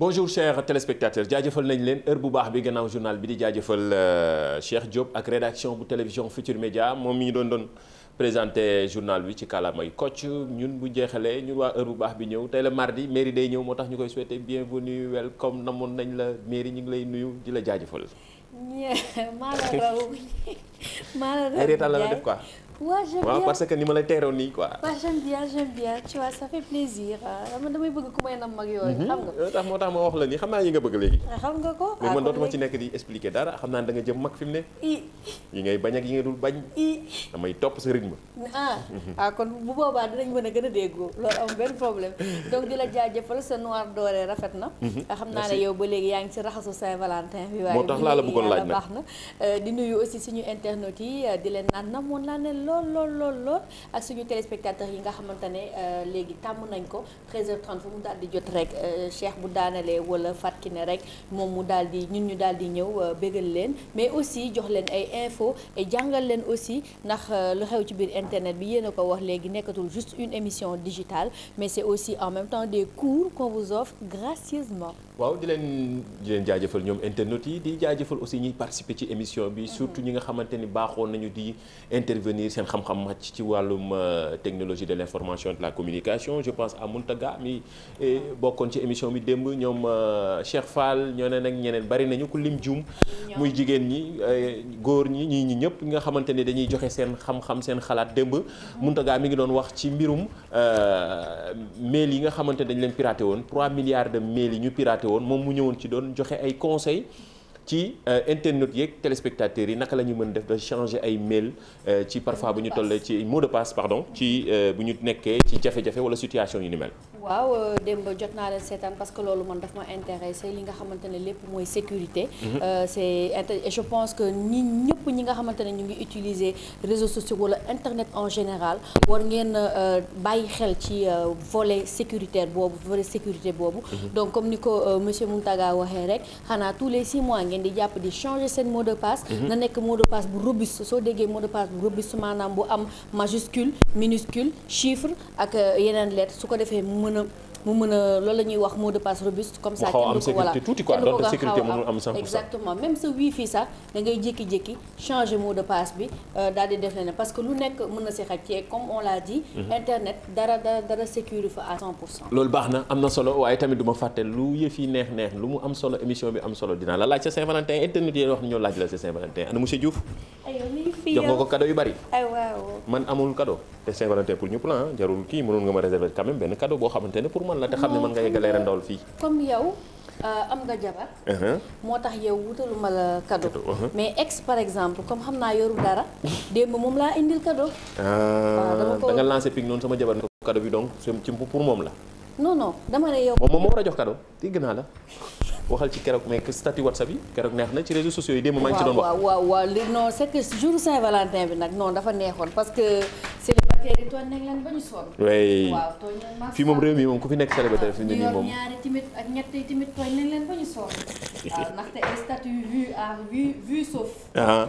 bonjour chers téléspectateurs jaajëfal nañ leen heure bu baax bi gannaaw journal bi di jaajëfal euh, Cheikh Diop ak rédaction bu télévision Futur Média moom mi ñu doon doon présenté journal bi ci kàllaamay Kocc ñun bu jeexalee ñun waa heure bu baax bi ñëw tey la mardi mairie day ñëw moo tax ñu koy souhaité bienvenue welcome namoon nañ la mairie ñu ngi lay nuyu di la jaajëfal. maa la raw maa la raw la la def waaw j'aime bien parce que ni ma la teeroon nii quoi. waaw j'aime bien j'aime bien tu vois ça fait plaisir euh, man damay bëgg ku may nam mag yooyu. Mhm. xam nga euh, tax moo tax ma wax la nii xam naa yi nga bëgg léegi. Ah, xam nga ko ah, ah. Mhm. ah kon bu boobaa dinañ mën a gën a déggoo loolu am benn problème donc di la jaajëfal sa noir dooree rafet na. Mhm. xam naa ne yow ba léegi yaa ngi ci raxasu Saint-Valentin bi. waaye moo tax laa la bëggoon laaj nag euh, di nuyu aussi suñu internautes yi di leen naan namoon laa ne lool lool lool lool ak suñu téléspectateurs yi nga xamante ne euh, léegi tàmm nañ ko 13h30 mu daal di jot rek euh, Cheikh bu daanalee wala Fatou rek moom mu daal di ñun ñu daal di ñëw euh, bégal leen mais aussi jox leen ay info et jàngal leen aussi ndax lu xew ci biir internet bi yéen a ko wax léegi nekkatul juste une émission digitale mais c'est aussi en même temps des cours qu'on vous offre gracieusement. waaw di leen di leen jaajëfal ñoom internautes yi di jaajëfal aussi ñuy ci émission bi mhm. surtout ñi nga xamante ni baaxoon nañu di intervenir seen xam-xam màcc ci wàllum euh, technologie de l'information et de la communication je pense à Mountaga mi eh, bokkoon ci émission bi démb ñoom euh, Cheikh Fall ñeneen ak ñeneen bari nañu ku lim juum muy jigéen ñi eh, góor ñi ñii ñi ñëpp nga xamante ne dañuy joxe seen xam-xam seen xalaat démb mm. Mountaga mi ngi doon wax ci mbirum euh, mail yi nga xamante dañ leen piraté woon 3 milliards de mail yi ñu piraté woon moom mu ñëwoon ci doon joxe ay conseils ci euh, internautes yeeg téléspectateurs yi naka la ñu mën def ba changer ay mail euh, ci parfois bu ñu tollee ci mot de passe pardon ci euh, bu ñu nekkee ci jafe-jafe wala situation yu ni mel. waaw démb jot naa leen seetaan parce que loolu man daf ma intéressé li nga xamante ne lépp mooy sécurité. Mhm. c'est et je pense que ñi ñëpp ñi nga xamante ne ñu ngi utiliser réseaux sociaux wala internet en général war ngeen bàyyi xel ci volet sécuritaire boobu volet sécurité boobu. Mhm. donc comme ni ko monsieur Mountaga waxee rek xanaa tous les six mois di jàpp di changer seen mot mhm. na nekk mot de passe bu robuste soo déggee mot de passe bu robuste maanaam bu am majuscule minuscule chiffre ak euh, yeneen lettre su ko defee mën a mu mën a loolu la ñuy wax mot de passe robuste comme ça kenn du ko voilà tuuti quoi am 100% jékki-jékki changer mot de passe bi euh, daal di def leneen parce que lu nekk mën na si xaj ci comme on l'a dit mhm. internet dara dara sécurité fa à loolu baax na am na solo waaye tamit du ma fàtte lu yëf yi neex neex lu mu am solo émission bi am solo dinaa la laaj sa saint internet yi wax ñoo laaj la sa Saint-Valentin ana monsieur jox nga ko cadeau yu bari man amul cadeau te Saint-Valentin pour ñu plan jarul kii mënoon nga ma réserver quand benn cadeau boo xamante ne pour man la te xam ne mën nga yeggalee ren ndawal fii comme yow euh, am nga jabar uh-huh. moo tax yow wutaluma la cadeau uh-huh. mais ex par exemple comme xam naa yoru dara démb moom laa indil cadeau ah, da nga lancé pic jabar ne ko bi donc ci pour moom la non non dama ne yow moom moom moo war a jox cadeau dégg naa la waxal ci keroog mais statut WhatsApp yi keroog neex na ci réseaux sociaux yi démb maa ngi ci doon wax waaw waaw waaw léegi non c'est jour Saint-Valentin bi nag non dafa neexoon parce que célibataire yi tooñ mi moom ku fi nekk célibataire fi ne leen ba ñu sonn waaw ndaxte statut vue à sauf ah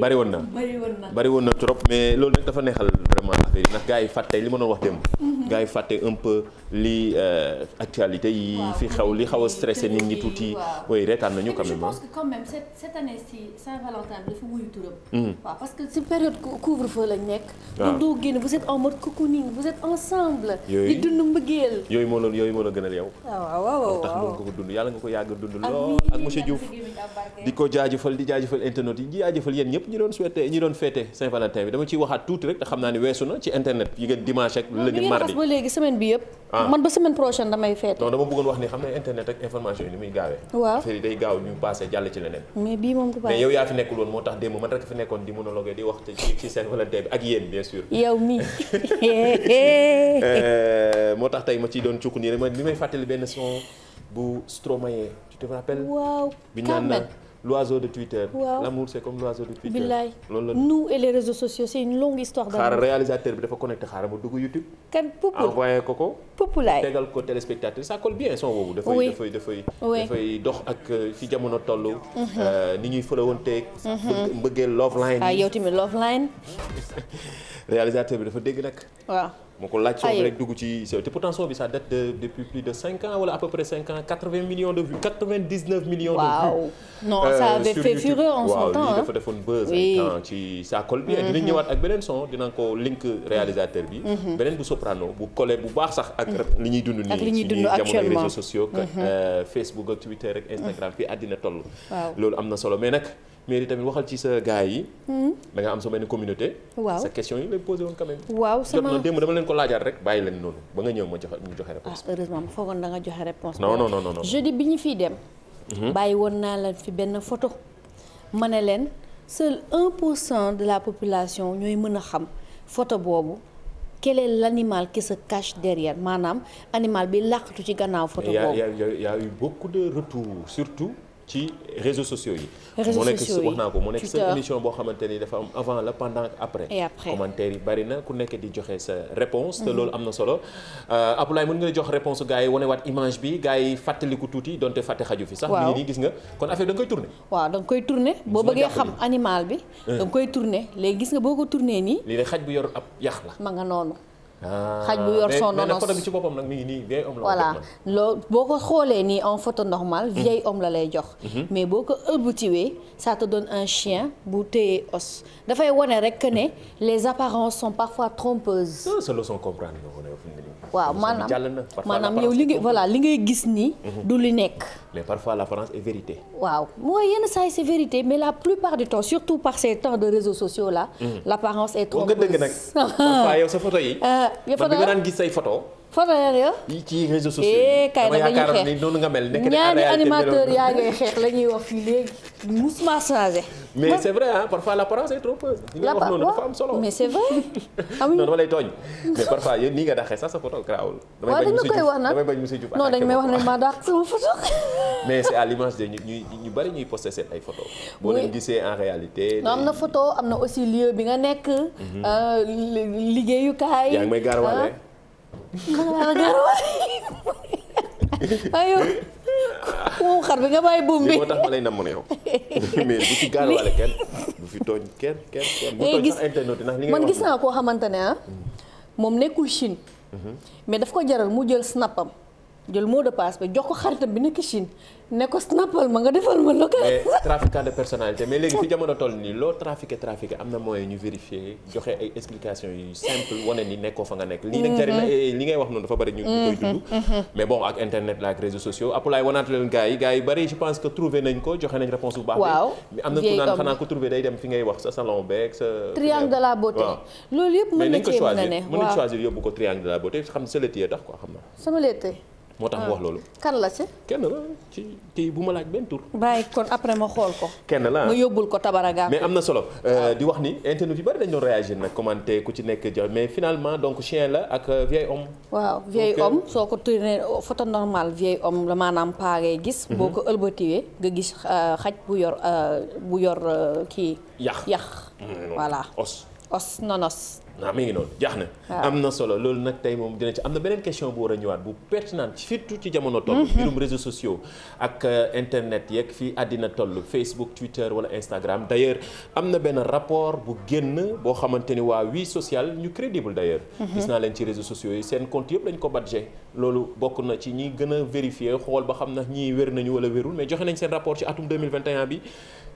bari woon na bari na bari trop mais loolu nag dafa neexal vraiment affaire yi ndax gars yi fàtte li ma doon wax démb mhm. gars yi fàtte un peu li euh, actualité yi fi xew li xaw a stressé nit ñi tuuti. waaw reetaan nañu quand même. je pense que quand même cette cette année ci Saint-Valentin bi dafa wuyu turam. Mm-hmm. waaw parce que ci période couvre-feu lañ nekk. waaw doo génn vous êtes en mode cocooning vous êtes ensemble. yooyu di dund mbëggeel. yooyu moo la yooyu moo la gënal yow. Ah, waaw waaw waaw tax noonu nga ko dund yàlla nga ko yàgg dund lool. ak monsieur Diouf di ko jaajëfal di jaajëfal internet yi di jaajëfal yéen ñëpp ñi doon souhaité ñi doon fêté Saint-Valentin bi dama ciy waxaat tuuti rek te xam naa ne weesu na ci internet yi ngeen dimanche ak lundi mardi ba léegi semaine bi yëpp Ah. man ba semaine prochaine damay feete. non dama bëggoon wax ni xam ne internet ak information yi ni muy gaawee. waaw affaire yi day gaaw ñu passé jàll ci leneen. mais bii moom du baax man rek fi nekkoon di monologue di wax ci ci seen volonté bi ak yéen bien sûr. yow mii. Euh, moo tax tey ma ciy doon cukku nii rek ma may fàttali benn son bu Stromae tu te rappelles. waaw bi ñu na l'oiseau de Twitter. waaw l'amour c'est comme l'oiseau de Twitter. billaay nous et les réseaux sociaux c'est une longue histoire. d'amour xaaral réalisateur bi dafa connecté xaaral ma dugg YouTube. kan Poupoule envoyé ko ko. Poupoulaye tegal ko téléspectateur bien son woowu. dafay dafay dox ak fi euh, jamono toll. Mhm. Euh, ni ñuy fëlewanteeg. mbëggee mhm. love line. ah yow tamit love line. réalisateur bi dafa dégg nag. waaw. moo ko laaj soo rek dugg ci te pourtant son bi ça date de depuis plus de cinq ans wala à peu près cinq ans quatre vingt millions de vues quatre vingt dix neuf millions. de vues non ça euh, avait fait fureur en son temps dafa defoon buzz. oui ci ça colle bien. dinañ mm-hmm. ñëwaat ak beneen son dinañ ko link réalisateur bi. Mm-hmm. beneen bu soprano bu collé bu baax sax ak. Mm-hmm. li ñuy dund nii ci jamono réseaux sociaux. Euh, Facebook ak Twitter ak Instagram fii àddina toll. loolu am na solo mais nag. mairie tamit waxal ci sa gars yi. Hmm? da nga am sa benn communauté. waaw sa question yi lay posé woon quand waaw sama jot dama leen ko laajaat rek bàyyi leen noonu ba nga ñëw ma joxe ñu joxe réponse. ah heureusement ma joxe réponse. non non bi ñu fiy dem. Mhm. bàyyi woon naa leen fi benn photo ma ne leen seul 1 pour de la population ñooy mën a xam photo boobu. quel est l'animal qui se cache derrière maanaam animal bi làqatu ci gannaaw photo boobu. y a y a y a eu de retours surtout. ci réseaux sociaux yi. réseaux sociaux yi wax naa ko mu nekk sa émission boo xamante ni dafa am avant la pendant après. et commentaire yi bari na ku nekk di joxe sa réponse te mhm. loolu am na solo euh, Abdoulaye mën nga jox réponse gars yi wane waat image bi gars yi fàttaliku tuuti donte fàtte xaju fi sax. waaw nii gis nga kon affaire da nga koy tourné. waaw da koy tourné boo bëggee xam animal bi. da koy tourné léegi gis nga boo ko tourné nii. lii de xaj bu yor ab yàq la. ma nga noonu. Ah. xaj bu yor son nonos mais photo boppam nag mi ngi boo ko xoolee nii en photo normale mhm. vieil homme la lay jox. Mhm. mais boo ko ëbbutiwee ça te donne un chien bu téye os. dafay wone rek ne les apparences sont parfois trompeuses. sa leçon comprendre waaw maanaam jàll na maanaam yow li ngay voilà li ngay gis ni mhm. du li nekk mais parfois l'apparence est vérité waaw mooy yenn saa yi mais la plupart du temps surtout par ces temps de réseaux sociaux là mhm. l'apparence est trompeuse nga dëgg nag parfois yow sa photo yi euh, man bi nga daan gis say photo photo yaa ngi ci réseaux sociaux ee eh, kay na dañuy xeex ñaari la ñuy wax fii léegi musuma changé. mais c'est vrai ah parfois l'apparence est trompeuse. la wax noonu dafa am solo mais c'est vrai. amuñu ah non dama lay tooñ. mais parfois yéen nii nga daxee sax sa photo garaawul. waaw dañ ma koy wax nag damay bañ monsieur Diouf non dañ may photo. mais c'est à l'image ñu ñu ñu ñuy posté seen ay photos. boo leen gisee en réalité. non am na photo am na aussi lieu bi nga nekk. Mhm. Euh, liggéeyukaay. yaa ngi may gaarawaale. maa ah. ngi gaarawaale. moom xar bi nga bàyyi buum bi moo tax ma lay namoon yow mais bu ci gaaruwaale kenn bu fi tooñ kenn kenn kenn bu eh, tooñ sax internet ndax li nga man gis naa koo xamante ne ah, moom nekkul Chine mhm. mais daf ko jaral mu jël snapam jël mot de passe ba jox ko xaritam bi nekk Chine ne ko snappal ma nga defal ma local. mais trafiquant de personnalité mais jamono toll nii loo trafiqué trafiqué am na moyen ñu vérifier joxe ay explications yu simple wane ni nekkoo fa nga nekk. lii nag jariñ mhm. eh, li ngay wax noonu dafa bari ñu koy mhm. Mhm. mais bon ak internet la ak réseaux sociaux apulaay wanaat leen gars yi gars yi bari je pense que trouvé nañ ko joxe nañ réponse bu baax. waaw am na ku naan xanaa ku trouvé day dem fi ngay wax sa salon beeg triangle de la loolu yëpp mën na cee moo tax mu wax ah. loolu. kan la si kenn la ci kii bu ma laaj benn tur. bàyyi kon après ma xool ko. kenn la ma yóbbul ko tabaragaa mais am na solo euh, ah. di wax ni internet yu bari dañ doon nag commenté ku ci nekk jox mais finalement donc chien la ak euh, vieil homme. waaw vieil euh, homme soo ko tourné photo normal vieil homme la maanaam paa ngay gis. Mhm. boo ko ëlbatiwee nga gis xaj bu yor bu yor kii. yax yax mm, voilà os nonos. ah mi ngi noonu jaax na. am na solo loolu nag tey moom dina ci am na beneen question bu war a ñëwaat bu pertinente surtout ci jamono toll. Mhm. mbirum réseaux sociaux ak euh, internet yeeg fii àddina toll Facebook Twitter wala Instagram d' ailleurs am na benn rapport bu génn boo xamante ni waa wii social ñu crédible d' ailleurs. Mhm. gis naa leen ci réseaux sociaux yi seen compte yëpp lañ ko badgé loolu bokk na ci ñi gën a vérifier xool ba xam na ñii wér nañu wala wérul mais joxe nañ seen rapport ci atum 2021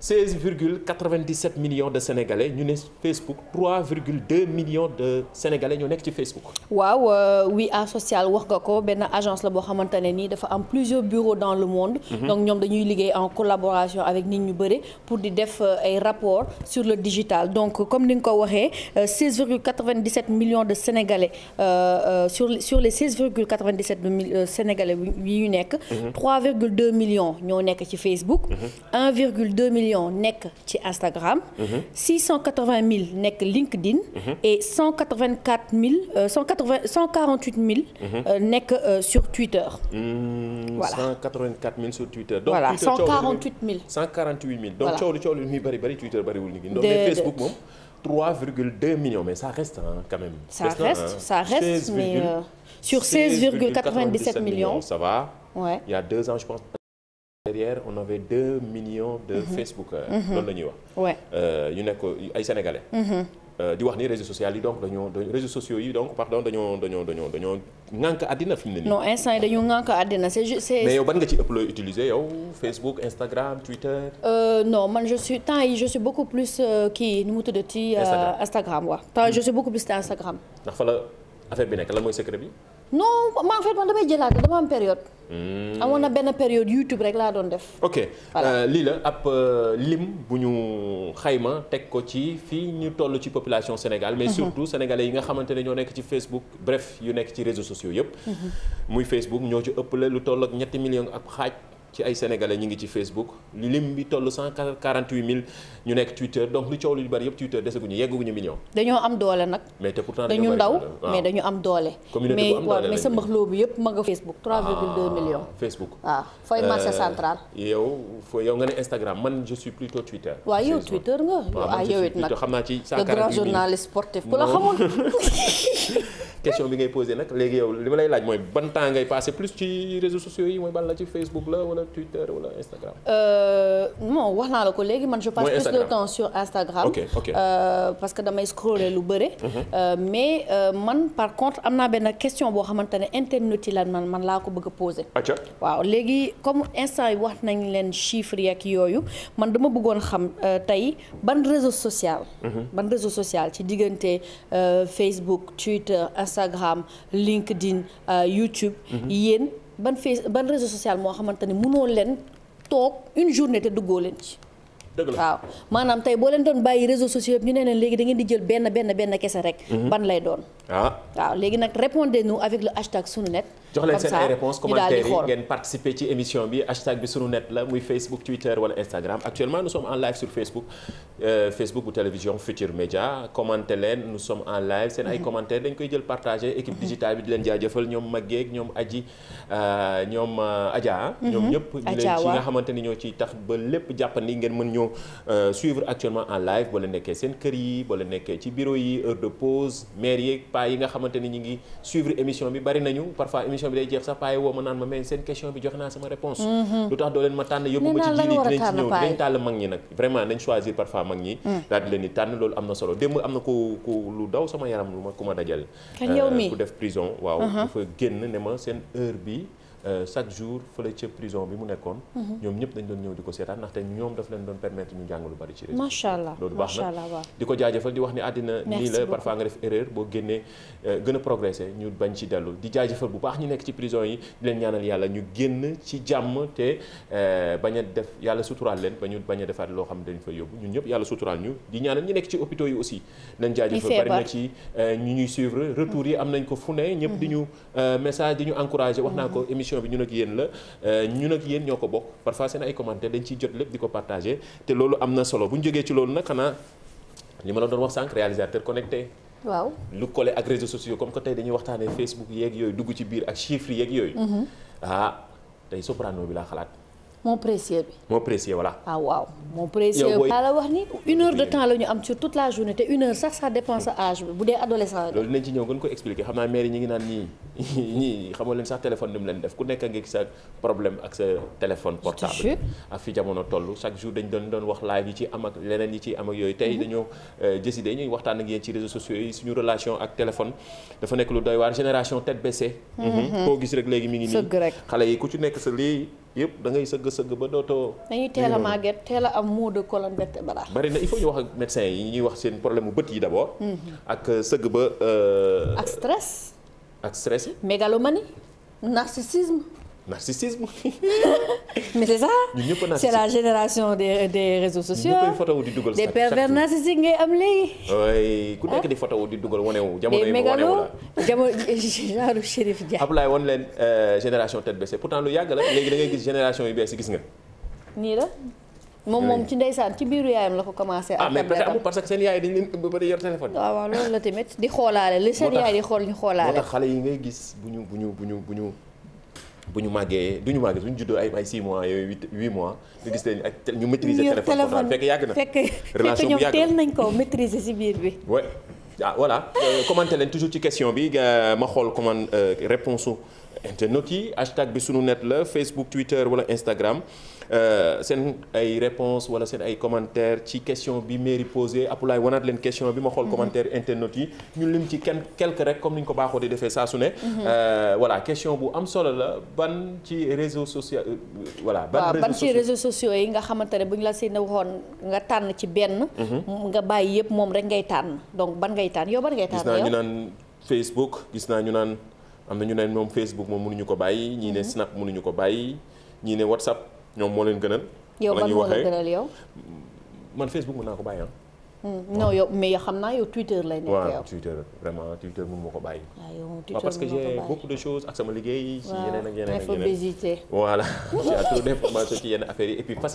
seize virgule quatre-vingt-dix-sept millions de sénégalais ñu ne Facebook trois de sénégalais ñoo nekk ci Facebook. waaw euh, oui à social wax nga ko benn agence la boo xamante ne nii dafa am plusieurs bureaux dans le monde. Mhm. donc ñoom dañuy liggéey en collaboration avec nit ñu bëri pour di def euh, ay rapports sur le digital donc comme ni nga ko waxee euh, seize virgule quatre vingt de sénégalais sur sur les seize virgule quatre vingt dix ñu nekk. Mhm. trois virgule deux millions ñoo nekk ci Facebook. Mhm. un millions nekk ci Instagram. 680 mhm. mille nekk LinkedIn. Mhm. et 184 mille 180 euh, 148 mille. Mhm. Euh, nekk euh, sur Twitter. Hmm, voilà 184 mille sur Twitter. donc voilà 148 mille. 148 mille donc coow li coow li muy bëri bëri Twitter bëriwul ni. donc mais Facebook moom. 3,2 mais ça reste quand même. ça reste mais sur 16,97 millions. millions ça va. a ans je pense derrière on avait deux millions de mhm. Facebookers mhm. loolu la ñuy wax ñu euh, nekk ay sénégalais mhm. euh, di wax ni réseaux sociaux yi donc dañoo réseaux sociaux yi donc pardon dañoo dañoo àddina fi mu nii. dañoo ŋànk àddina mais yow ban nga ci ëpp looy utiliser yow Facebook Instagram Twitter. Euh, man je suis temps yi je suis beaucoup plus euh, kii nu mu tuddati. Instagram Instagram temps je suis beaucoup plus Instagram. ndax fa la affaire bi nekk lan mooy secret bi. non en fait man damay jëlaat dama am période. Hmm. amoon na benn période YouTube rek laa doon def. ok euh, lii la ab euh, lim bu ñu xayma teg ko ci fii ñu toll ci population Sénégal. mais mhm. surtout sénégalais yi nga xamante ne ñoo nekk ci Facebook bref yu nekk ci réseaux sociaux yëpp. Mhm. muy Facebook ñoo ci ëpp la lu toll ak ñetti million ak xaaj. ci ay sénégalais ñu ngi ci Facebook lim bi toll cent quarante huit mille ñu nekk Twitter donc lu coow lu bari yëpp Twitter deseguñu yegguñu million. dañoo am doole nag. mais te pourtant dañu ndaw mais dañu am doole. mais sa mbaxloo bi yëpp ma nga Facebook. 3,2 ah, millions. Facebook waaw ah, fooy marché euh, central. yow fooy nga ne Instagram man je suis Twitter. waaw yow Twitter nga. waaw ah, yow it nag xam naa ci grand journaliste sportif ku la xamoon. wala Twitter wala euh, wax naa la ko léegi man je passe plus Instagram. Euh, parce que damay scroller lu bëre. Mhm. Euh, mais man par contre am naa benn question boo xamante ne internet yi lan man man laa ko bëgg a poser. waaw léegi comme instant yi wax nañ leen chiffres yeeg yooyu man dama bëggoon xam tey ban réseau social. Mhm. ban réseau social ci diggante Facebook Twitter Instagram LinkedIn YouTube. Mhm. yéen. ban face ban réseau social moo xamante ni mënoo leen toog une journée te duggoo leen ci. dëgg la waaw maanaam tey boo leen doon bàyyi réseaux sociaux ñu ne leen léegi dangeen di jël benn benn benn kese rek. Mhm. ban lay doon. waaw ah. waaw léegi nag répondez nous avec lu le hashtag Sununet jox leen seen ay réponses commentaires yi ngeen participer ci émission bi hashtag bi sunu net la muy Facebook Twitter wala Instagram actuellement nous sommes en live sur Facebook euh, Facebook bu télévision Futur Média commenter leen nous sommes en live seen ay mhm. commentaires dañ koy jël partagé équipe mhm. digitale bi di leen jaajëfal ñoom Maguette ñoom Aji euh, ñoom euh, Adja. Ah. Mhm. ñoom ñëpp ñu leen ci nga xamante ni ñoo ciy tax ba lépp jàppandi ngeen mën ñoo euh, suivre actuellement en live boo leen seen kër yi boo leen nekkee ci yi heure de pause maire yeeg yi nga xamante ni ñu ngi suivre émission bi bari nañu émission bi day jeex sax woo ma naan ma mais seen question bi joxe naa sama réponse mhm. lu tax doo leen ma tànn yóbbu ko ci diini dinañ ci ñëw tànn mag ñi nag vraiment nañ choisir parfois mag ñi mm. daal leen tànn loolu am na solo démb am na ku ku lu daw sama yaram ku ma dajal euh, ku def prison waaw uh-huh. dafa génn ne ma seen heure bi Euh, chaque jour fële ca prison bi mu nekkoon. Mhm. ñoom ñëpp dañ doon ñëw di ko seetaan ndaxte ñoom daf leen doon permettre ñu jàng lu bari ci réew. macha allah loolu baax na di ko jaajëfal di wax ni àddina. nii la parfois nga def erreur boo génnee euh, gën a progresser ñu bañ ci dellu di jaajëfal bu baax ñu nekk ci prison yi di leen ñaanal yàlla ñu génn ci jàmm te euh, bañ a def yàlla suturaal leen ba ñu bañ a defaat loo xam ne dañ fa yóbbu ñun ñëpp yàlla suturaal ñu di ñaanal ñu ne émission bi ñun ak yéen la euh, ñun ak yéen ñoo ko bokk parfois seen ay commentaires dañ ciy jot lépp di ko partagé te loolu am na solo bu ñu jógee ci loolu nag xanaa li ma la doon wax sànq réalisateur connecté. waaw lu collé ak réseaux sociaux comme que tey dañuy waxtaanee Facebook yeeg yooyu dugg ci biir ak chiffres yeeg yooyu. Mm-hmm. ah tey soprano bi laa xalaat. moo précieux bi. moo précieux voilà. ah waaw moo précieux. yaa la wax ni une heure de temps la am sur toute la journée te une heure sax ça dépend sa âge bi bu dee adolescent. loolu dinañ ci ñëw gën ko expliquer xam naa mère yi ñu ngi naan ñii ñii xamoo leen sax téléphone ni mu leen def ku nekk ngi sa problème ak sa téléphone portable. ak fi jamono toll chaque jour dañ doon doon wax live yi ci am ak leneen yi ci am ak yooyu. tey mhm. dañoo euh, décidé ñuy waxtaan ak yéen ci réseaux sociaux suñu relation ak téléphone dafa nekk lu doy waar génération tête baissée. Mhm. koo gis rek léegi mi ngi nii. xale yi ku ci nekk sa lii. yëpp da ngay sëgg-sëgg ba dootoo. dañuy teel a màgget teel a am maux de colonne vertébrale. bari il faut ñu wax ak médecin yi ñuy wax seen problème bët yi d'abord. Mhm. ak euh, sëgg ba. Euh, ak stress. ak stress. mégalomanie narcissisme. narcissisme. mais c'est ça. c'est la génération de des réseaux sociaux. ñu koy fotow di dugal. des pervers narcissiques ngay am léegi. ku nekk di fotow di dugal wane wu. jamono yi wane wu la jamono genre Chérif Dia. Abdoulaye leen euh, génération tête baissée pourtant lu yàgg la léegi da ngay gis génération yu bees yi gis nga. nii la. moom moom ci ndeysaan ci biiru yaayam la ko commencé. ah mais peut-être amul parce que seen yaay dañ leen ba bari yor téléphone. waaw ah, waaw loolu la tamit di xoolaale li seen xool ñu xoolaale. xale yi ngay gis bu ñu bu ñu bu ñu bu ñu bu ñu màggee du ñu màggee suñu juddoo ay ay 6 mois yooyu 8 8 mois nga gis leen ñu maîtriser téléphone fekk yàgg na relation bu yàgg teel nañ ko maîtriser ci biir bi ouais ah voilà euh, leen toujours ci question bi ma xool comment euh, réponse u internautes yi hashtag bi sunu net la Facebook Twitter wala Instagram Euh, seen ay réponse wala seen ay commentaire ci question bi mairie posé Apulaay wanaat leen question bi ma xool mhm. commentaire internet yi ñu lim ci kenn quelque rek comme ni ñu ko baaxoo di defee saa su ne mhm. euh, voilà question bu am solo la ban ci réseau social euh, voilà ban ci réseaux sociaux yi nga xamante ne bu ñu la seen waxoon nga tànn ci benn mhm. nga bàyyi yëpp moom rek ngay tànn donc ban ngay tànn yow ban ngay tànn gis naa ñu naan Facebook gis naa ñu naan am na ñu ne moom Facebook moom mënuñu ko bàyyi ñii ne Snap mënuñu ko bàyyi ñii ne WhatsApp ñoom moo leen gënal. yow ban moo la gënal yow man Facebook mën naa ko bàyyi ah. hmm, non yow mais yow xam naa yow Twitter lay nekk yow. Twitter vraiment Twitter mën ma ko bàyyi. Ah, parce que j'ai beaucoup de choses ak sama liggéey. ci yeneen ak yeneen ak yeneen voilà yenn affaires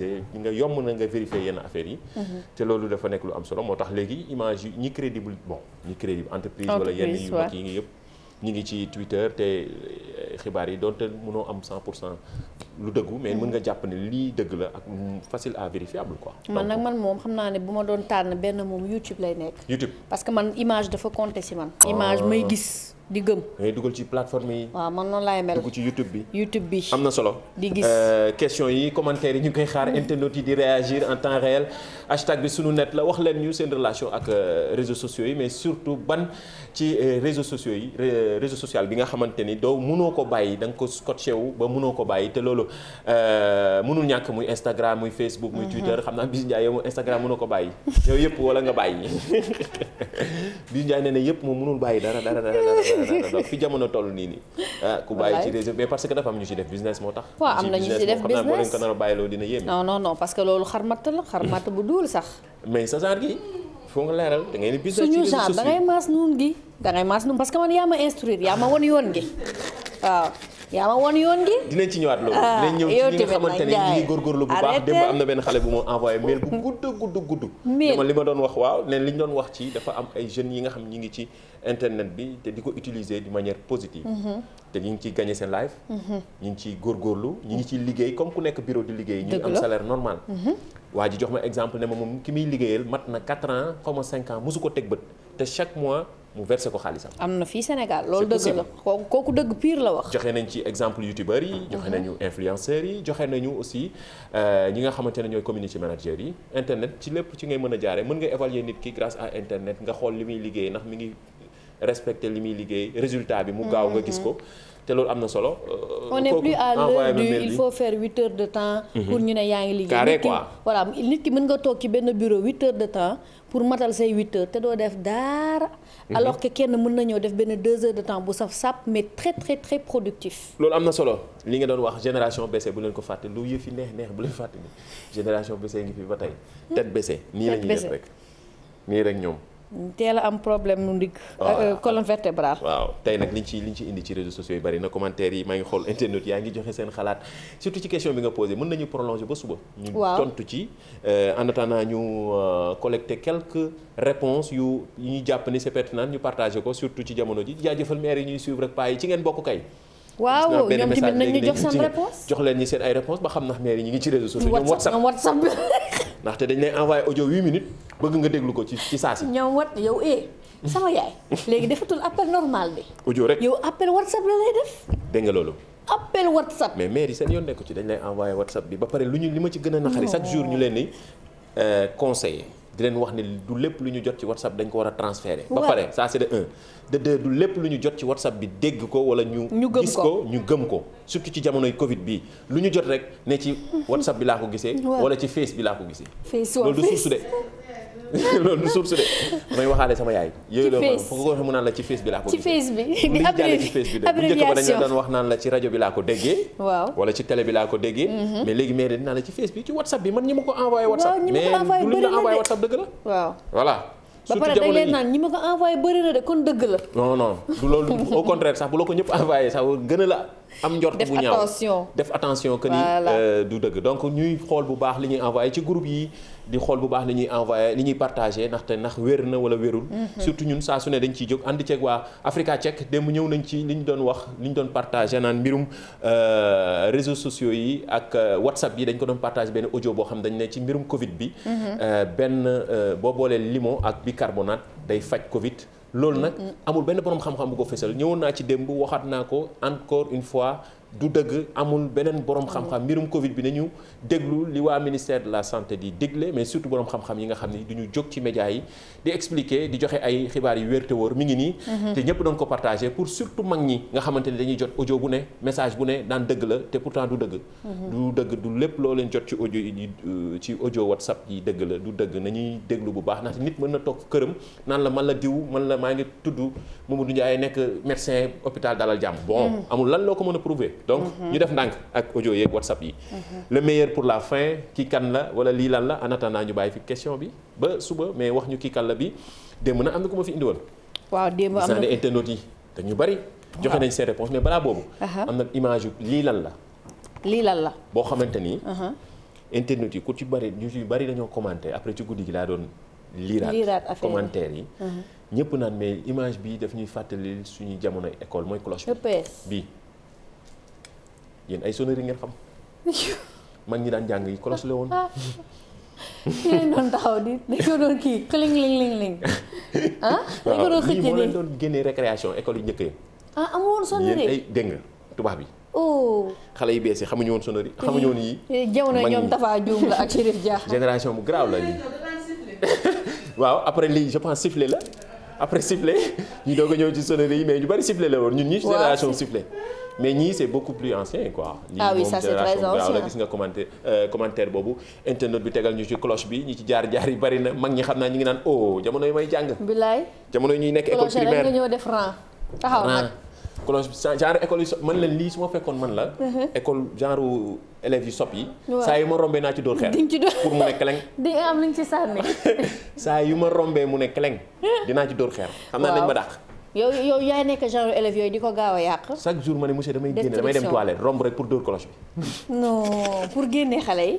yi nga yomb na nga vérifier yenn yi. Mhm. te loolu dafa nekk lu am solo moo tax léegi image yi ñi crédible bon ñi crédible entreprise. wala yenn yu mag yi ñu ngi ci Twitter te. xibaar yi doonte mënoo am 100 pour cent lu dëggu mais mën nga jàpp ne lii dëgg la ak facile à vérifiable quoi. man nag man moom xam naa ne bu ma doon tànn benn moom YouTube lay nekk. YouTube parce que man image dafa compter ci man. Ah. image may gis. di gëm ngay dugal ci plateforme yi. waaw ci YouTube bi. am na solo. di gis euh, question yi commentaire yi ñu koy xaar internautes yi di réagir en temps réel hashtag bi sunu net la wax leen ñu seen relation ak euh, réseaux ci euh, réseaux sociaux yi euh, réseau social bi nga xamante ni doo mënoo ko bàyyi da nga ko scotché wu ba mënoo ko bàyyi te loolu euh, mënul ñàkk muy Instagram muy Facebook muy mhm. Twitter xam naa Bijou Ndiaye yow Instagram mënoo ko bàyyi yow yëpp wala nga bàyyi Bijou Ndiaye nee na yëpp moom mënul bàyyi dara dara dara dara donc fi jamono toll nii nii ah ku bàyyi ci réseau mais parce que dafa am ñu ci def business moo tax. waaw am na ñu ci def business xam naa boo leen ko nar a bàyyi loolu dina yéeme. non non non parce que loolu xarmat la xarmat bu duul sax. mais sa genre gi foo nga leeral da ngay ni business ci réseau suñu genre da ngay maas noonu gi dangay maas num parce que man yaa ma instruire yaa ma won yoon gi waaw yaa ma won yoon gi. dinañ ci ñëwaat loolu. Ah, dinañ ñëw ci xamante ne ñu ngi góorgóorlu bu baax démb am na benn xale bu ma envoyé mail bu gudd gudd gudd. mail li ma doon wax waaw ne li ñu doon wax ci dafa am ay jeune yi nga xam ñi ngi ci internet bi te di ko utiliser de manière positive. Mhm. te ñu ngi ciy gagné seen life. Mhm. ñu góor ciy góorgóorlu ñu ngi ciy liggéey comme ku nekk bureau di liggéey. ñu am salaire normal. Mhm. waa ji jox ma exemple ne mat na 4 ans xaw ma 5 ans ko teg bët te chaque mois mu versé ko xaalisam. am na fii Sénégal loolu dëgg la kooku dëgg pire la wax. joxe nañ ci exemple youtubeurs yi. Mhm. joxe nañu influenceurs yi joxe nañu aussi euh, ñi nga xamante ne community manager yi internet ci lépp ci ngay mën a jaaree mën nga évaluer nit ki grâce à internet nga xool li muy liggéey ndax mi ngi respecté li muy liggéey résultat bi mu gaaw nga gis ko. Mhm. te loolu am na solo. Euh, on n'est plus à l'heure du il faut faire huit de temps. pour mhm. ñu ne yaa ngi ci benn pour matal say huit heures te doo def dara. Mhm. alors que kenn mën nañoo def benn deux heures de temps bu saf sàpp mais très très très productif. loolu am na solo li nga doon wax génération BC bu leen ko fàtte lu yëf yi neex neex bu leen fàtte ni génération BC ngi fi ba tey. Hmm? tête BC nii la ñuy def rek nii rek ñoom. teel a am problème mu ndig. Ah, euh, ah. colonne vertébrale. waaw tey nag liñ ci liñ ci indi ci réseaux sociaux yi bari na commentaire yi maa ngi xool internet yaa ngi joxe seen xalaat surtout ci question bi nga posé mën nañu prolonger ba suba. ñu tontu ci euh, en attendant ñu euh, collecter quelques réponses yu ñu jàpp ni c'est pertinent ñu partagé ko surtout ci jamono ji jaajëfal maire yi ñuy suivre ak paa ci ngeen bokk kay. waaw ñoom tamit nañ ñu jox seen réponse jox leen ñi xam ndax ñu ngi ci ndaxte dañ lay envoyé audio 8 minutes bëgg nga déglu ko ci saa si. ñoom wat yow eh sama yaay léegi defatul appel normal bi. audio rek yow appel whatsapp la lay def. dégg nga loolu. appel whatsapp. mais maire yi seen yoon nekku ci dañ lay envoyé whatsapp bi ba pare lu ñu li ma ci gën a naxari chaque jour ñu leen di euh, conseiller. di leen wax ne du lépp lu ñu jot ci whatsapp dañ ko war a transférer. ba pare ça c'est de un de du lépp lu ñu jot ci whatsapp bi dégg ko wala ñu. gis ko ñu gëm ko surtout ci jamonoy Covid bi lu ñu jot rek ne ci whatsapp bi laa ko gisee. wala ci face bi laa ko gisee. face loolu du suuf su de. loolu du source de may waxaale sama yaay. ci face foo ko waxee mu naan la ci face bi laa ko. ci face bi abréviation ci face bi de bu ci rajo bi laa ko déggee. waaw wala ci télé bi laa ko déggee. Mhm. mais léegi mais dinaa la ci face bi ci whatsapp bi man ñi ma ko envoyé. whatsapp mais du lu la envoyé la. waaw voilà. ba pare da leen bëri na de kon dëgg la. non non du loolu contraire sax bu la ko ñëpp envoyé sax gën a la am njort bu ñaaw def attention que ni euh, du dëgg donc ñuy xool bu baax li ñuy envoyé ci groupe yi di xool bu baax li ñuy envoyé li ñuy partagé ndaxte ndax wér na wala wérul. Mhm. surtout ñun saa su ne dañ ciy jóg ànd ceeg waa Africa Check démb ñëw nañ ci li ñu doon wax li ñu doon partagé naan mbirum euh, réseaux sociaux yi ak euh, WhatsApp yi dañ ko doon partagé benn audio boo xam ne dañ ne ci mbirum Covid bi. Mhm. Euh, benn boo boolee limon ak bicarbonate day faj Covid. loolu nag mhm. amul benn borom xam-xam bu ko fësal ñëwoon naa ci démb waxaat naa ko encore une fois. du dëgg amul beneen borom xam-xam mbirum Covid bi nañu déglu li waa ministère de la santé di digle mais surtout borom xam-xam yi nga xam ni du ñu jóg ci média yi di expliquer di joxe ay xibaar yu wér te mi ngi nii. Mhm. te ñëpp doon ko partager pour surtout mag ñi nga xamante ni dañuy jot ojo bu ne message bu ne daan dëgg la te pourtant du dëgg. Mhm. du dëgg du lépp loo leen jot ci audio yi euh, ci audio WhatsApp yi dëgg la du dëgg nañuy déglu bu baax ndax nit mën na toog këram naan la man la diw man la maa ngi tudd Mamadou Ndiaye nekk médecin hôpital Dalal Jàmm. bon mhm. amul lan loo ko mën a prouver donc ñu def ndànk ak audio yeeg whatsapp yi le meilleur pour la fin kii kan la wala lii lan la en attendant ñu bàyyi fi question bi ba suba mais wax ñu kii kan la bi démb na am na ku ma fi indiwoon waaw démb am na internautes yi dañu bari joxe nañ seen réponse mais balaa boobu am na image yu lii lan la lii lan la boo xamante nii internet yi ku ci bari ñu ci bari dañoo commenté après ci guddi gi laa doon liiraat commentaire yi ñëpp naan mais image bi daf ñuy fàttali suñu jamono école mooy cloche bi e yéen ay sonnerie ngeen xam mag ñi daan jàng yi kolos la woon yéen kii ling ling ling ah, ling génnee récréation école yu njëkk yi ah amu woon sonnerie yéen ay dégg yi oh. bees yi xamuñu woon sonnerie xamuñu woon yi jaw na ñoom Tafa Dioum la ak Chérif Dia génération bu garaaw la waaw après lii je pense sifflet la après sifflet ñu doog a ñëw ci sonnerie yi mais ñu bari sifflet la woon ñun ñii génération sifflet mais ñii c'est beaucoup plus ancien quoi. ah oui ça c'est très gis nga commentaire euh, commentaire boobu internet bi tegal ñu ci cloche bi ñi ci jaar jaar yi bari na mag ñi xam naa ñu ngi naan oh jamono yi may jàng. bilaay jamono yi ñuy nekk école primaire cloche ñëw def rang. taxaw nag cloche école man la lii su ma fekkoon man la. Mhm. école genre élèves yu sopp yi. saa yu ma rombee naa ci dóor xeer. pour mu ne keleng. di am lu ñu ci sànni. saa yu ma rombee mu ne keleng dinaa ci dóor xeer. xam naa nañ ma dàq. yow yow yaay nekk genre élèves yooyu di ko gaaw a yàq. chaque jour ma ne monsieur damay génne damay dem toilette romb rek pour dóor cloche bi. non pour génne xale yi.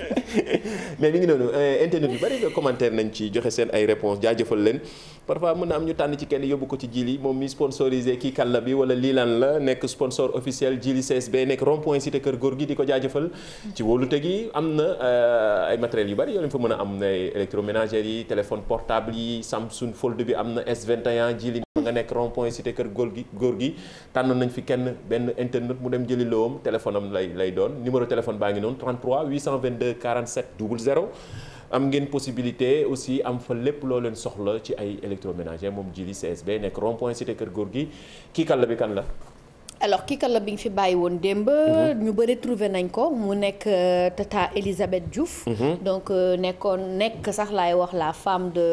mais mi ngi noonu euh, internet yu bari nga commentaire nañ ci joxe seen ay réponses jaajëfal leen parfois mën na am ñu tànn ci kenn yóbbu ko ci jili moom mi sponsorisé kii kàlla bi wala lii lan la nekk sponsor officiel jili CSB nekk rond point cité kër góor gi di ko jaajëfal. ci wóolute gi am na euh, ay matériels yu bari yoo fa mën a am ay électroménager yi téléphone portable yi Samsung Fold bi am na S21 jili. nga nekk rond point cité kër góor gi góor gi tànn nañ fi kenn benn internet mu dem jëli loowam téléphone am lay doon numéro téléphone baa ngi noonu 33 822 47 00 am ngeen possibilité aussi am fa lépp loo leen soxla ci ay électroménager moom jili CSB nekk rond point cité kër góor gi kii kan la bi kan la alors kii kala bi nga fi bàyyi woon démb. Mhm. ñu bëri trouver nañ ko mu nekk euh, tata Elisabeth Diouf. Mhm. donc euh, nekkoon nekk sax laay wax la femme de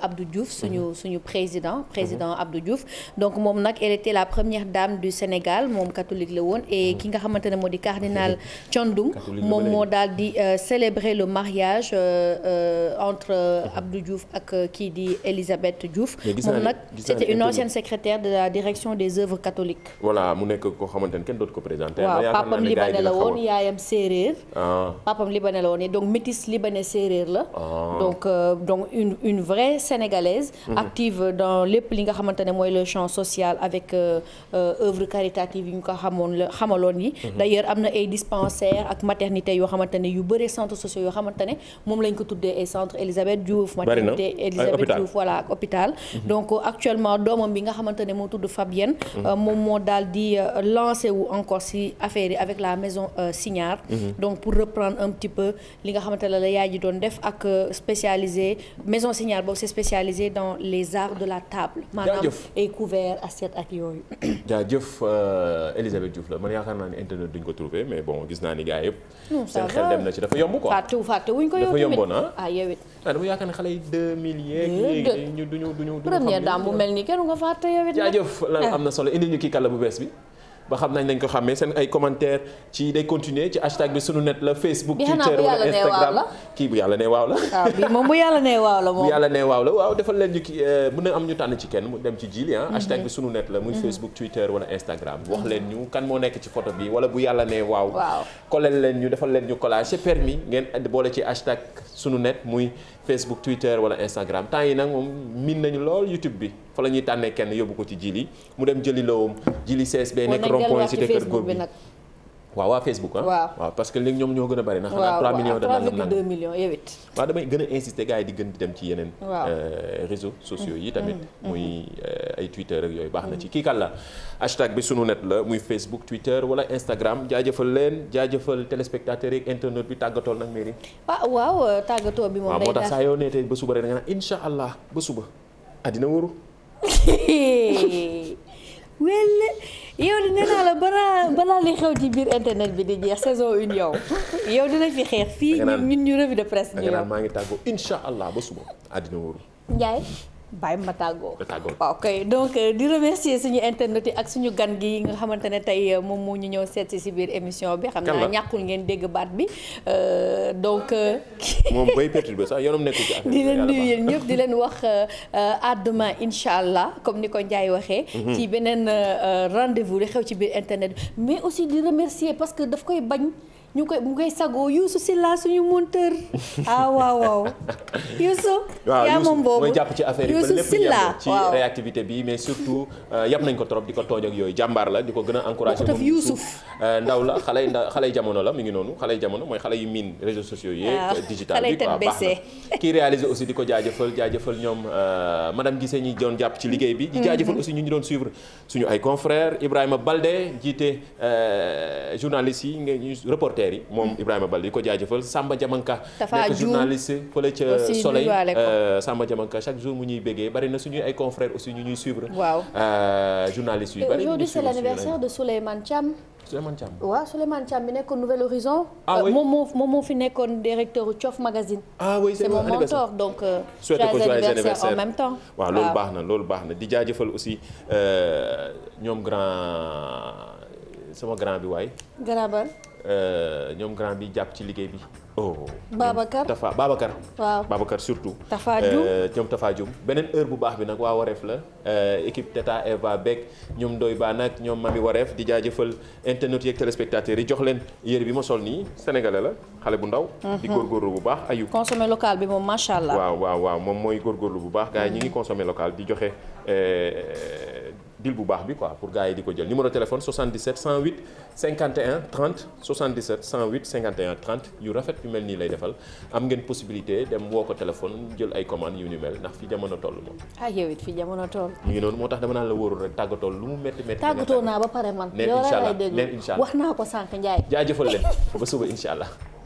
abdu Abdou suñu mhm. suñu président président Abdou Diouf. donc moom nag elle était la première dame du Sénégal moom catholique la woon et ki nga xamante ne moo di cardinal Thiandoum. moom moo daal di euh, célébrer le mariage entre Abdou Diouf ak kii di Elisabeth Diouf. moom nag c'était une ancienne secrétaire de la direction des œuvres catholiques. nekk koo xamante ne kenn dootu ko présenté. waaw ah. papam libanais la woon yaayam séeréer. papam libanais la woon donc métis libanais séeréer la. Ah. donc euh, une vraie sénégalaise. Mhm. active dans lépp li nga xamante ne mooy le champ social avec euh, euh, œuvre caritative yi ñu ko xamoon la xamaloon yi. Mhm. d'ailleurs am na ay dispensaires ak maternité yoo xamante ne yu bëri centres sociaux yoo xamante ne moom lañ ko tuddee ay centre Elisabeth Diouf. maternité Elisabeth Diouf voilà ak hôpital. Mhm. di euh, lancé wu encore si affaire yi avec la maison euh, Signar. Mhm. donc pour reprendre un petit peu li nga xamante ne la yaay ji doon def ak euh, spécialisé maison Signar boobu c'est spécialisé dans les arts de la table. maanaam ay couverts assiette ak yooyu. jaajëf Elisabeth Diouf la man yaakaar naa ne internet duñ ko trouver mais bon gis naa ni gars yëpp. seen xel dem na fàttewu fàttewuñ ko yow dafa yomboon ah. ah yow it. ah dama yaakaar ne xale yi deux mille yeeg. ñu duñu duñu. première dame bu mel nii kenn nga fàtte yow ah. na solo indi ñu kii ba xam nañ lañ ko xàmmee seen ay commentaire ci day continuer ci hashtag bi sunu net la Facebook. Twitter wala Instagram kii bu yàlla waaw la. Ah, moom yàlla nee waaw la moom. yàlla nee waaw la leen ñu ki mën euh, am ñu tànn ci kenn mu dem ci jiili ah. Mhm. hashtag bi sunu net la muy mhm. Facebook Twitter wala Instagram. wax mhm. leen ñu kan moo nekk ci photo bi wala bu yàlla nee waaw. waaw leen ñu defal leen ñu collage c'est permis ngeen boole ci hashtag sunu net muy. Facebook Twitter wala Instagram temps yi nag moom miin nañu lool YouTube bi fa la ñuy tànnee kenn yóbbu ko ci jili mu dem jëli lowum jili CSB nekk rond-point cité Kër Góor bi waaw waa Facebook ah. waaw waaw parce que léegi ñoom ñoo gën a bari. na xanaa 3 millions de nangam nangam millions yow eh waaw damay gën a insister gars yi di gën dem ci yeneen. Euh, réseaux sociaux yi tamit. Mm-hmm. muy euh, ay Twitter ak yooyu baax na ci mm-hmm. kii kan la. bi sunu net la muy Facebook Twitter wala Instagram jaajëfal leen jaajëfal téléspectateurs yeeg internet bi tàggatoo nag Merry. Ah, waaw waaw euh, tàggatoo bi moom. day tax waaw moo tax saa yoo neetee ba suba rek da nga naan incha allah ba suba àddina wóoru. balaa li xew ci biir internet bi di jeex saison une yow yow dina fi xeex fii ñun ñu revue de presse ñu yow maa ngi tàggoo incha allah ba suba àddina wóorul Ndiaye bàyyi ma tàggoo waaw kay donc euh, di remercier suñu internet yi ak suñu gan gi nga xamante ne tey euh, moom moo ñu ñëw seet si biir émission bi xam naa ñàkkul ngeen dégg baat bi euh, donc moom bay perturbé sax yoonam nekkul ci affaire di leen nuyu yéen wax à incha allah comme ni ko njaay waxee mhm. ci beneen rendez-vous li xew ci biir internet mais aussi di remercier parce que daf koy bañ ñu koy mu koy sagoo Youssou Sylla suñu monteur ah waaw waaw Youssou. yaa moom boobu mooy jàpp ci affaire yi ba lépp yem ci réactivité bi mais surtout uh, yab nañ ko trop di ko tooj ak yooyu jàmbaar la di ko gën a encouragé. moom Youssouf eh, ndaw la xale ndaw xale jamono la mu ngi noonu xale jamono mooy xale yu miin réseaux sociaux yi. Ah, digital bi quoi baax na kii réalisé aussi di ko jaajëfal jaajëfal ñoom madame Guissé ñi doon jàpp ci liggéey bi. di jaajëfal aussi ñu ñu doon suivre suñu ay confrères Ibrahima Balde jiite eh, journaliste yi affaire yi moom mm. Ibrahima Bal di ko jaajëfal Samba Diamanka nekk journaliste fële ca Soleil euh, Samba Diamanka chaque jour mu ñuy béggee bari na suñuy ay confrères aussi ñu ñuy suivre waaw euh, journaliste yu bari aujourd'hui c'est l'anniversaire de Souleymane Thiam Souleymane Thiam waaw Souleymane Thiam bi nekkoon Nouvel Horizon ah euh, moom moo moom moo fi nekkoon directeur u Thiof Magazine ah oui c'est donc souhaité ko joyeux anniversaire en même temps waaw loolu baax na loolu baax na di jaajëfal aussi ñoom grand sama grand bi waay grand ba Euh, ñoom grand bi jàpp ci liggéey bi. oh Babacar Tafa Babacar. waaw Babacar surtout. Tafa euh, Dioum ñoom Tafa Dioum beneen heure bu baax bi nag waa Wareef la euh, équipe Teta Eva Beck ñoom Ndoye Ba nag ñoom Mami Wareef di jaajëfal internet yeeg yi jox leen yére bi ma sol nii sénégalais la xale bu ndaw. Mhm. di góorgóorlu bu baax ayub. consommé local bi moom macha allah. waaw waaw moom mooy góorgóorlu bu baax gars yi ñu ngi consommé local di joxe. deal bu baax bi quoi pour gars yi di ko jël numéro téléphone 77 108 51 30 77 108 51 30 yu rafet yu mel nii lay defal am ngeen possibilité dem woo ko téléphone jël ay commandes yu ni mel ndax fi jamono toll moom. ah yow it fi jamono toll. mu ngi noonu moo tax dama naan la wóorul rek tàggatoo lu mu métti métti. tàggatoo naa ba pare man. yow la lay déglu neen incha allah neen incha allah wax naa ko sànq Ndiaye. jaajëfal leen ba suba incha allah.